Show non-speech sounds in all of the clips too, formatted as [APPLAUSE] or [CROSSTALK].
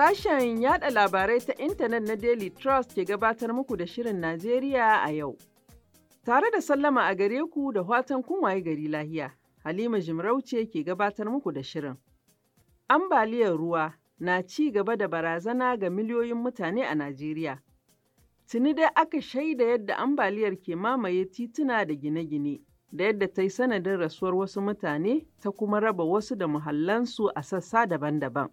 Sashen yada labarai ta intanet na Daily Trust ke gabatar muku da Shirin Najeriya a yau. Tare da sallama a gare ku da watan kunwaye gari lahiya, Halima Jimarauce ke gabatar muku da Shirin. Ambaliyar ruwa na ci gaba da barazana ga miliyoyin mutane a Najeriya. Tuni dai aka shaida yadda ambaliyar ke mamaye tituna da gine-gine, da yadda ta yi sanadin rasuwar wasu mutane ta kuma raba wasu da muhallansu a sassa daban-daban.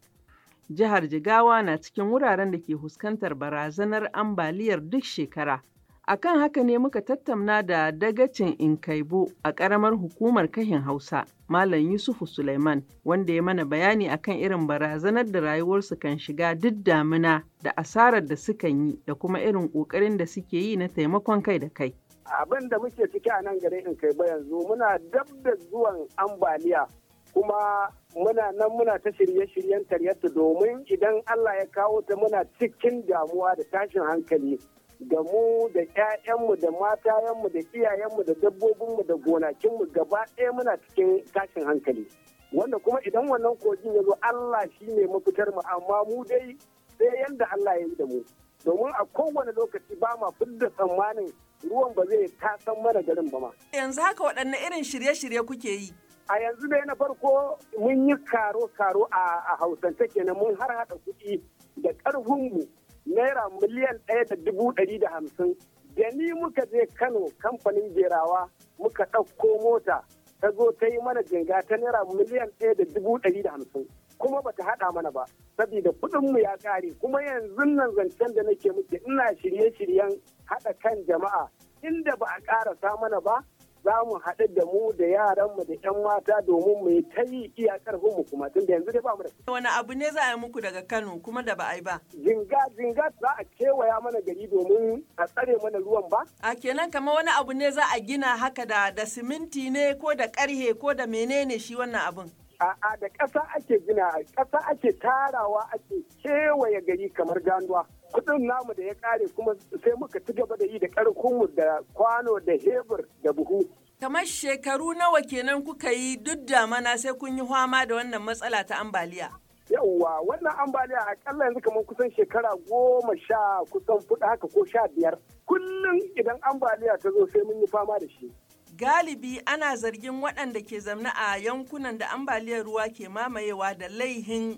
Jihar Jigawa na cikin wuraren da ke huskantar barazanar ambaliyar duk shekara. Akan haka ne muka tattauna da dagacin Inkaibo a ƙaramar hukumar kahin Hausa, Malam Yusufu Suleiman, wanda ya mana bayani akan irin barazanar da rayuwarsu kan shiga duk damina da asarar da sukan yi da kuma irin ƙoƙarin da suke yi na taimakon kai da kai. Abin da muke ciki a nan garin Inkaibo yanzu muna dab da zuwan ambaliya kuma muna nan muna ta shirye-shiryen taryarta domin idan Allah ya kawo ta muna cikin damuwa da tashin hankali da mu da 'ya'yanmu da matayenmu da iyayenmu da dabbobinmu da gonakinmu gaba ɗaya muna cikin tashin hankali wanda kuma idan wannan kogin ya zo Allah shi ne mafitar mu amma mu dai sai yanda Allah ya yi da mu domin a kowane lokaci ba ma fidda tsammanin ruwan ba zai tasan mana garin ba ma yanzu haka waɗanne irin shirye-shirye kuke yi a yanzu dai na farko mun yi karo-karo a hausance kenan mun har haɗa kuɗi da ƙarfinmu naira miliyan ɗaya da dubu ɗari da hamsin da ni muka je kano kamfanin jerawa muka ɗauko mota ta zo ta yi mana jinga ta naira miliyan ɗaya da dubu ɗari da hamsin kuma bata haɗa mana ba saboda kuɗinmu ya ƙare kuma yanzu nan zancen da nake muke ina shirye-shiryen haɗa kan jama'a inda ba a ƙarasa mana ba za mu haɗu da mu da yaran mu da 'yan mata domin mu ta yi iyakar mu kuma tun da yanzu dai ba mu da wani abu ne za a yi muku daga Kano kuma da ba a yi ba zinga zinga za a kewaya mana gari domin a tsare mana ruwan ba a kenan kamar wani abu ne za a gina haka da da siminti ne ko da ƙarhe ko da menene shi wannan abun a'a da ƙasa ake gina ƙasa ake tarawa ake kewaye gari kamar ganduwa kudin namu da ya kare kuma sai muka ci gaba da yi da karfinmu da kwano da hebur da buhu kamar shekaru nawa kenan kuka yi duk da mana sai kun yi hwama da wannan matsala ta ambaliya yawwa wannan ambaliya akalla yanzu kamar kusan shekara goma sha kusan fuda haka ko sha biyar kullum idan ambaliya ta zo sai mun yi fama da shi galibi ana zargin waɗanda ke zamna a yankunan da ambaliyar ruwa ke mamayewa da laihin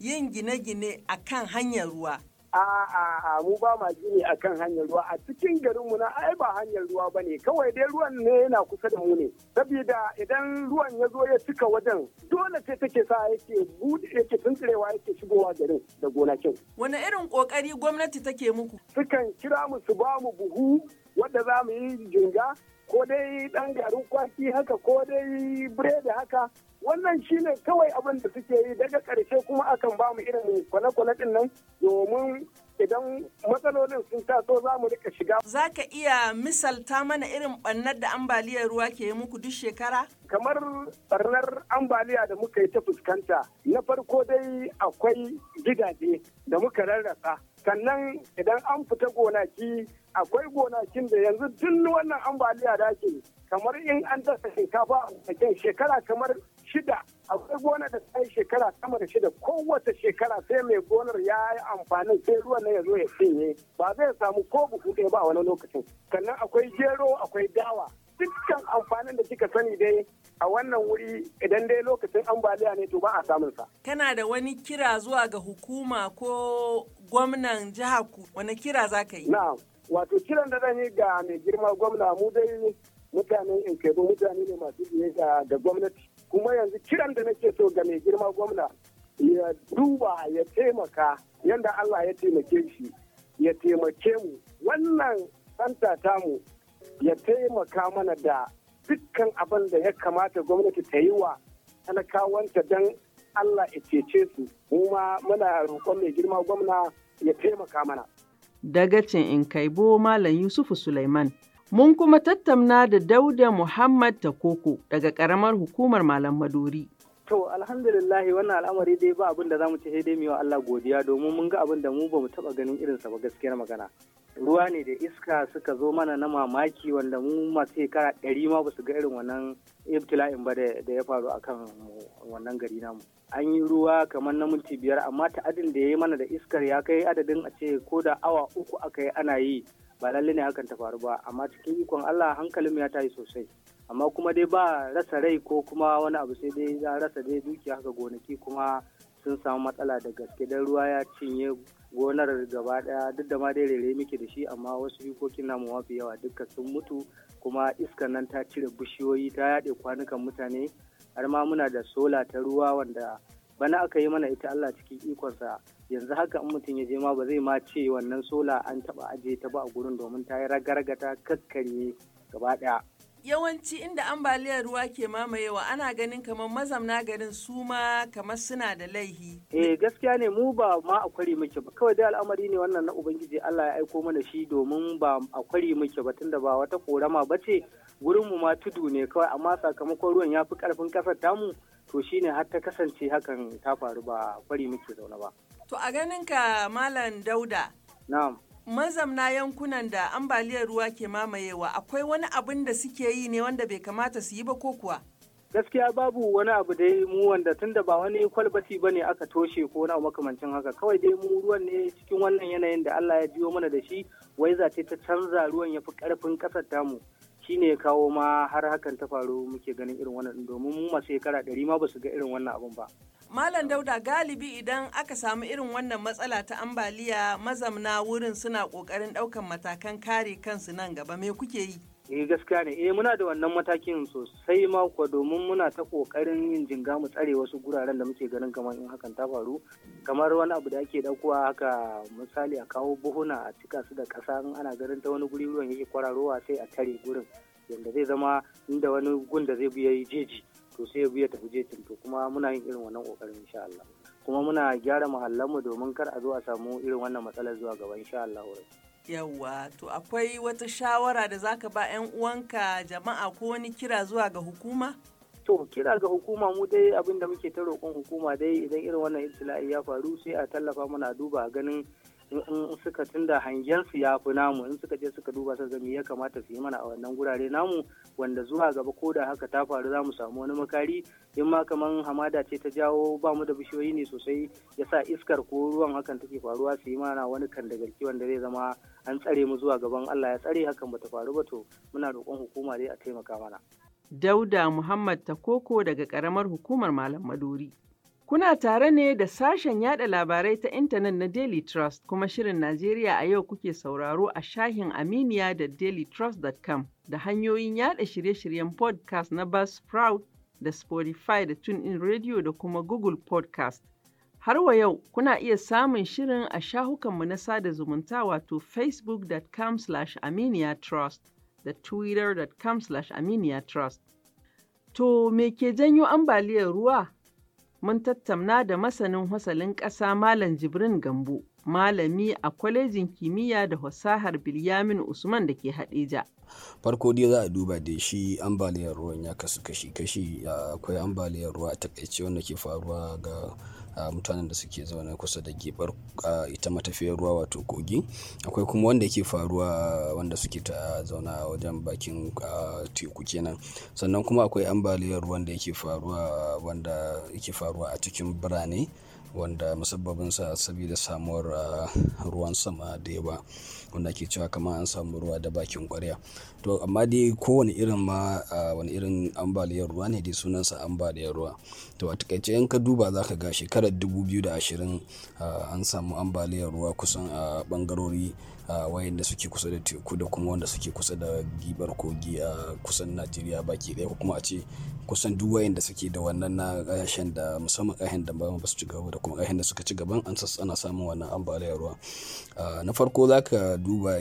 yin gine-gine a kan hanyar ruwa A'a mu ba ma gini a kan hanyar ruwa a cikin garinmu na ai ba hanyar ruwa ba ne kawai dai ruwan ne yana kusa da mu ne saboda idan ruwan ya zo ya cika wajen dole sai take sa yake bude yake tuntsirewa yake shigowa garin da gonakin. Wani irin kokari gwamnati take muku? Sukan kira mu su ba mu buhu wanda za mu yi jinga ko dai ɗan garin kwaki haka ko dai biredi haka wannan shine kawai abin da suke yi daga ƙarshe kuma akan ba mu irin kwale-kwale din nan domin idan matsalolin sun taso za mu rika shiga. Za ka iya misalta mana irin ɓannar da ambaliyar ruwa ke yi muku duk shekara? kamar barnar ambaliya da muka yi ta fuskanta na farko dai akwai gidaje da muka rarrasa sannan idan an fita gonaki akwai gonakin da yanzu tun wannan ambaliya da ke kamar in an dasa shinkafa a cikin shekara kamar shida akwai gona da ta shekara sama da shida kowace shekara sai mai gonar ya yi amfanin sai ruwan na ya zo ya cinye ba zai samu ko buhu ɗaya ba wani lokacin sannan akwai gero akwai dawa dukkan amfanin da kika sani dai a wannan wuri idan dai lokacin ambaliya ne to ba a samun sa. Kana da wani kira zuwa ga hukuma ko gwamnan jiha ku wani kira za ka yi? Na'am, wato kiran da zan yi ga mai girma gwamna mu dai mutanen Inkebo mutane ne masu biye ga gwamnati. Kuma yanzu kiran da nake so ga mai girma gwamna ya duba ya taimaka yadda Allah ya taimake shi ya taimake mu wannan santa tamu ya taimaka mana da dukkan abin da ya kamata gwamnati ta yi wa talakawanta don Allah ya cece su kuma muna roƙon mai girma gwamna ya taimaka mana. Dagacin in kaibo Malam Yusufu Sulaiman. Mun kuma tattauna da Dauda Muhammad Takoko daga ƙaramar hukumar Malam Madori. To alhamdulillahi wannan al'amari dai ba abin da za mu ce sai dai mu yi wa Allah godiya domin mun ga abin da mu ba mu taɓa ganin irinsa ba gaskiyar magana. ruwa ne da iska suka zo mana na mamaki wanda mu masu shekara ɗari ma ba su ga irin wannan ibtila'in ba da ya faru a kan wannan gari namu an yi ruwa kamar na minti biyar amma ta'adin da ya yi mana da iskar ya kai adadin a ce ko da awa uku aka yi ana yi ba lalle ne hakan ta faru ba amma cikin ikon Allah hankalin ya tayi sosai amma kuma dai ba rasa rai ko kuma wani abu sai dai za rasa dai dukiya haka gonaki kuma sun samu matsala da gaske don ruwa ya cinye gonar gaba daya duk da ma dai rere muke da shi amma wasu bikokin namu mafi yawa duka sun mutu kuma iskan nan ta cire bishiyoyi ta yaɗe kwanukan mutane har ma muna da sola ta ruwa wanda bana aka yi mana ita Allah cikin ikonsa yanzu haka in mutum ya je ma ba zai ma ce wannan sola an taba aje ta ba a gurin domin ta yi ragargata ta gaba daya yawanci inda ambaliyar ruwa ke mamayewa ana ganin kamar mazamna garin su ma kamar suna da laihi. Eh gaskiya ne mu ba ma akwari muke ba kawai dai al'amari ne wannan na ubangiji Allah ya aiko mana shi domin ba akwari muke ba tunda ba wata korama ba ce gurin mu ma tudu ne kawai amma sakamakon ruwan ya fi karfin kasar tamu to shine har ta kasance hakan ta faru ba akwari muke zaune ba. To a ganin ka Malam Dauda. Na'am. mazamna yankunan da ambaliyar ruwa ke mamayewa akwai wani abin da suke yi ne wanda bai kamata su yi ba ko kuwa? Gaskiya babu wani abu dai mu wanda tunda ba wani kwalbati ba ne aka toshe ko na makamancin haka kawai dai mu ruwan ne cikin wannan yanayin da Allah ya biyo mana da shi wai zace ta canza ruwan ya fi karfin kasar tamu shine ya kawo ma har hakan ta faru muke ganin irin wannan domin mu masu shekara ɗari ma ba su ga irin wannan abun ba. Malam Dauda galibi idan aka samu irin wannan matsala ta ambaliya mazamna wurin suna ƙoƙarin ɗaukan matakan kare kansu nan gaba me kuke yi? Eh gaskiya ne, eh muna da wannan matakin sosai ma domin muna ta ƙoƙarin yin jinga mu tsare wasu guraren da muke ganin kamar in hakan ta faru. Kamar wani abu da ake ɗaukowa haka misali a kawo buhuna a cika su da ƙasa in ana ganin ta wani guri ruwan yake kwararowa sai a tare gurin. Yanda zai zama inda wani gun da zai biya jeji. to sai ya biya tafi jetin to kuma muna yin irin wannan kokarin insha Allah kuma muna gyara mu domin kar a zo a samu irin wannan matsalar zuwa gaba insha Allah yawwa to akwai wata shawara da zaka ba 'yan uwanka jama'a ko wani kira zuwa ga hukuma to kira ga hukuma mu dai abinda muke ta roƙon hukuma dai idan irin wannan ibtila'i ya faru sai a tallafa muna duba ganin in suka tunda hangen su ya fi namu in suka je suka duba sai zami ya kamata su yi mana a wannan gurare namu wanda zuwa gaba ko da haka ta faru zamu samu wani makari in ma kaman hamada ce ta jawo ba mu da bishiyoyi ne sosai yasa iskar ko ruwan hakan take faruwa su yi mana wani kandagarki wanda zai zama an tsare mu zuwa gaban Allah ya tsare hakan bata faru ba to muna roƙon hukuma dai a taimaka mana. Dauda Muhammad Takoko daga ƙaramar hukumar Malam Maduri. Kuna tare ne da sashen yada labarai ta intanet na Daily Trust kuma Shirin Najeriya a yau kuke sauraro a shahin Aminiya da dailytrust.com da hanyoyin yada shirye-shiryen podcast na Buzzsprout da Spotify da TuneIn Radio da kuma Google Podcast. Har wa yau kuna iya samun shirin a shahukanmu na sada zumunta wato facebookcom aminiyatrust da twittercom aminiyatrust To me ke janyo ambaliyar ruwa? mun tattauna da masanin fasalin ƙasa Malam Jibrin Gambo, malami a kwalejin kimiyya da fasahar Bilyamin Usman da ke Hadeja. Farko dai za a duba da shi ambaliyar ruwan ya kasu kashi-kashi akwai ambaliyar ruwa a takaice wanda ke faruwa ga mutanen da suke zaune kusa da gebar ita matafiyar ruwa wato kogi akwai kuma wanda yake faruwa wanda suke ta zauna wajen bakin teku kenan sannan kuma akwai ambaliyar ruwan da yake faruwa wanda yake faruwa a cikin birane wanda musabbabin sa saboda samuwar ah, ruwan sama da yawa wanda ke cewa kama an samu ruwa da bakin kwarya to amma dai kowane irin ma ah, wani irin ambaliyar ruwa ne dai sunansa ambaliyar ruwa to a takaice in ka duba zaka ga shekarar 2020 ah, an samu ambaliyar ruwa kusan a bangarori wayanda suke kusa da teku da kuma wanda suke kusa da gibar kogi a kusan najeriya baki daya kuma a ce kusan duk wayanda suke da wannan na kasashen da musamman kasashen da ba su ci gaba da kuma ƙasashen da suka ci gaban an ana samun wannan ambaliyar ruwa ah, na farko za ka duba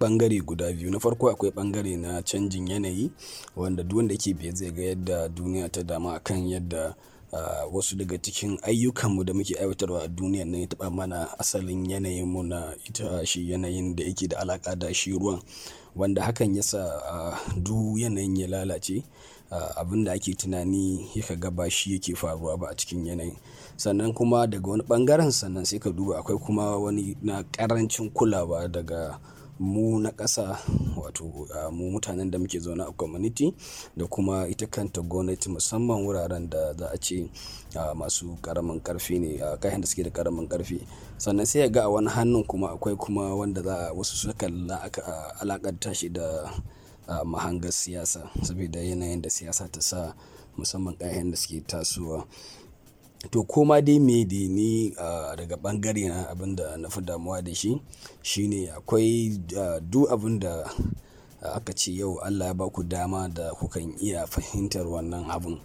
bangare ah, guda biyu na farko akwai bangare na canjin yanayi wanda duk wanda ke biye zai ga yadda duniya ta dama akan yadda Uh, wasu daga cikin ayyukanmu da muke aiwatarwa a duniya nan ya taɓa mana asalin yanayinmu na ita shi yanayin da yake da alaƙa da shi ruwan wanda hakan ya sa uh, du yanayin ya lalace Ah, abin da ake tunani ya ka ga ba shi yake faruwa ba a cikin yanayin sannan kuma daga wani bangaren sannan sai ka duba akwai kuma wani na karancin kulawa daga mu na ƙasa wato ah, mu mutanen da muke zaune a community da kuma ita kanta gwamnati musamman wuraren da za a ce ah, masu karamin karfi ne kayan da suke da karamin karfi sannan sai ya ga a wani hannun kuma akwai kuma wanda za a wasu suka alakanta shi da a mahangar siyasa saboda yanayin da siyasa ta sa musamman kayan da suke tasowa to koma dai me da ni daga bangare na abin da na fi damuwa da shi shine akwai du abin da aka ce yau allah ya baku dama da kukan iya fahimtar wannan abin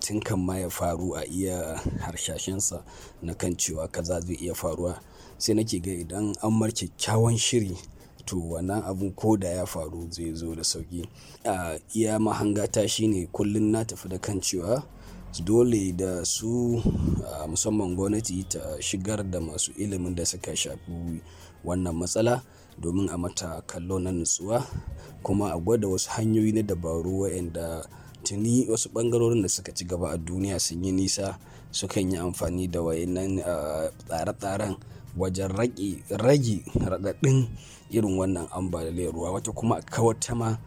tun kan ma ya faru a iya harshashensa na kan cewa kaza zai iya faruwa sai nake ga idan an mar kyakkyawan shiri to wannan abun ko da ya faru zai zo da sauki a iya mahangata shine kullum na tafi da kan cewa dole da su musamman gwamnati ta shigar da masu ilimin da suka shafi wannan matsala domin a mata kallo na nutsuwa kuma a gwada wasu hanyoyi na dabaru wayanda tuni wasu bangarorin da suka ci gaba a duniya sun yi nisa sukan yi amfani da wayannan tsare-tsaren wajen rage raɗaɗin irin wannan ambaliyar ruwa wata kuma kawar ta ma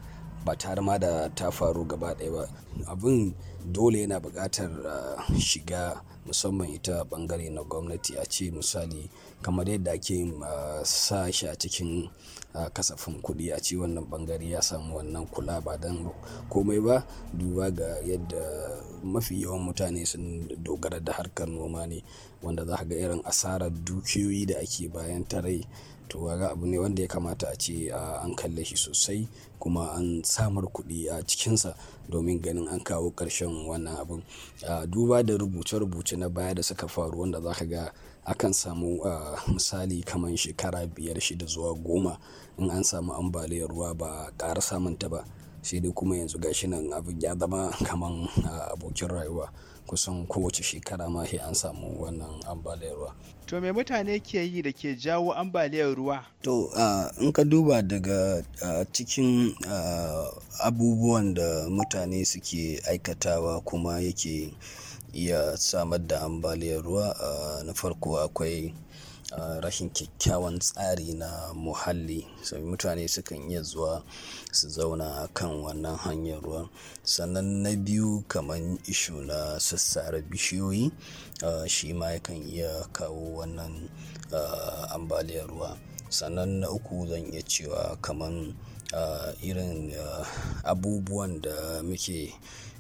ba tare ma da ta faru gaba ɗaya ba abin dole yana buƙatar ah, shiga musamman ita ɓangare na gwamnati a ce misali kamar yadda ake ah, sa shi a cikin ah, kasafin kuɗi a ce wannan ɓangare ya samu wannan kula ba don komai ba duba ga yadda mafi yawan mutane sun dogara da harkar noma ne wanda za ga irin asarar dukiyoyi da ake bayan tarai to ga abu ne wanda ya kamata a ce an kalle shi sosai kuma an samar kuɗi a cikinsa domin ganin an kawo ƙarshen wannan abin duba da rubuce-rubuce na baya da suka faru wanda za ka ga akan samu misali kamar shekara biyar shida zuwa goma in an samu ambaliyar ruwa ba ƙara samunta ba sai dai kuma yanzu gashi nan abin ya zama [LAUGHS] kaman abokin rayuwa kusan kowace shekara ma sai an samu wannan ambaliyar ruwa to me mutane ke yi da ke jawo ambaliyar ruwa to in ka duba daga cikin abubuwan da mutane suke aikatawa kuma yake iya samar da ambaliyar ruwa na farko akwai rashin kyakkyawan tsari na muhalli sai mutane sukan iya zuwa su zauna kan wannan hanyar ruwan sannan na biyu kamar ishu na sassara bishiyoyi shi ma yakan iya kawo wannan ambaliyar ruwa sannan na uku zan iya cewa kamar irin abubuwan da muke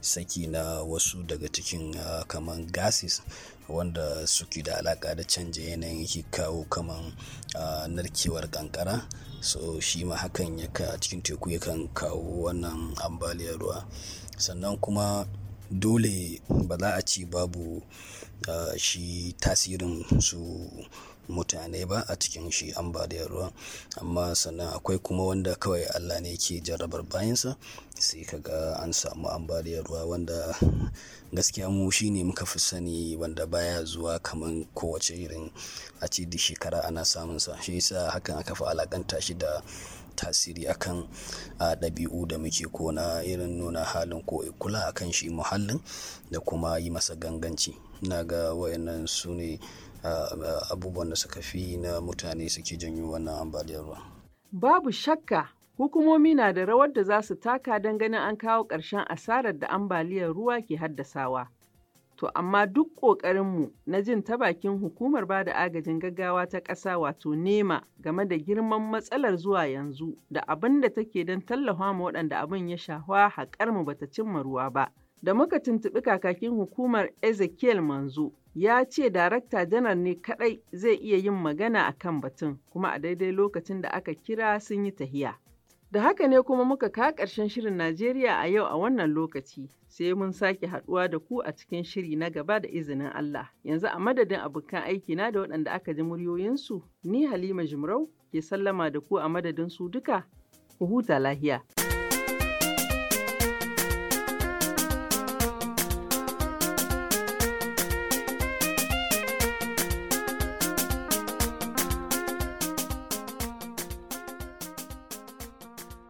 saki na wasu daga cikin ah, kamar gases wanda suke da alaka da canje yanayin yake kawo kaman ah, narkewar kankara so shi ma hakan yaka cikin teku yakan kawo wannan ambaliyar ruwa sannan kuma dole ba za a ci babu ah, shi tasirin su mutane ba a cikin shi ambaliyar ruwa amma sannan akwai kuma wanda kawai Allah ne ke jarrabar bayansa sai kaga an samu ambaliyar ruwa wanda gaskiya mu shine muka fi sani wanda baya zuwa kamar kowace irin a ce da shekara ana samun sa shi yasa hakan aka fi alakanta shi da tasiri akan a ɗabi'u da muke kona irin nuna halin ko kula akan shi muhallin da kuma yi masa ganganci na ga wayannan su ne abubuwan da suka fi na mutane suke janyo wannan ambaliyar ruwa. Babu shakka hukumomi na da rawar da za su taka don ganin an kawo ƙarshen asarar da ambaliyar ruwa ke haddasawa. To amma duk ƙoƙarinmu na jin ta bakin hukumar ba da agajin gaggawa ta ƙasa wato nema game da girman matsalar zuwa yanzu da abin da take don tallafa ma waɗanda abin ya shafa haƙar mu bata cimma ruwa ba. Da muka tuntuɓi kakakin hukumar Ezekiel Manzo ya ce darakta janar ne kaɗai zai iya yin magana a kan batun kuma a daidai lokacin da aka kira sun yi tahiya. Da haka ne kuma muka ka ƙarshen shirin Najeriya a yau a wannan lokaci sai mun sake haɗuwa da ku a cikin shiri na gaba da izinin Allah. Yanzu a madadin abokan aikina da waɗanda aka ji muryoyinsu ni Halima Jimrau ke sallama da ku a madadin su duka ku huta lahiya.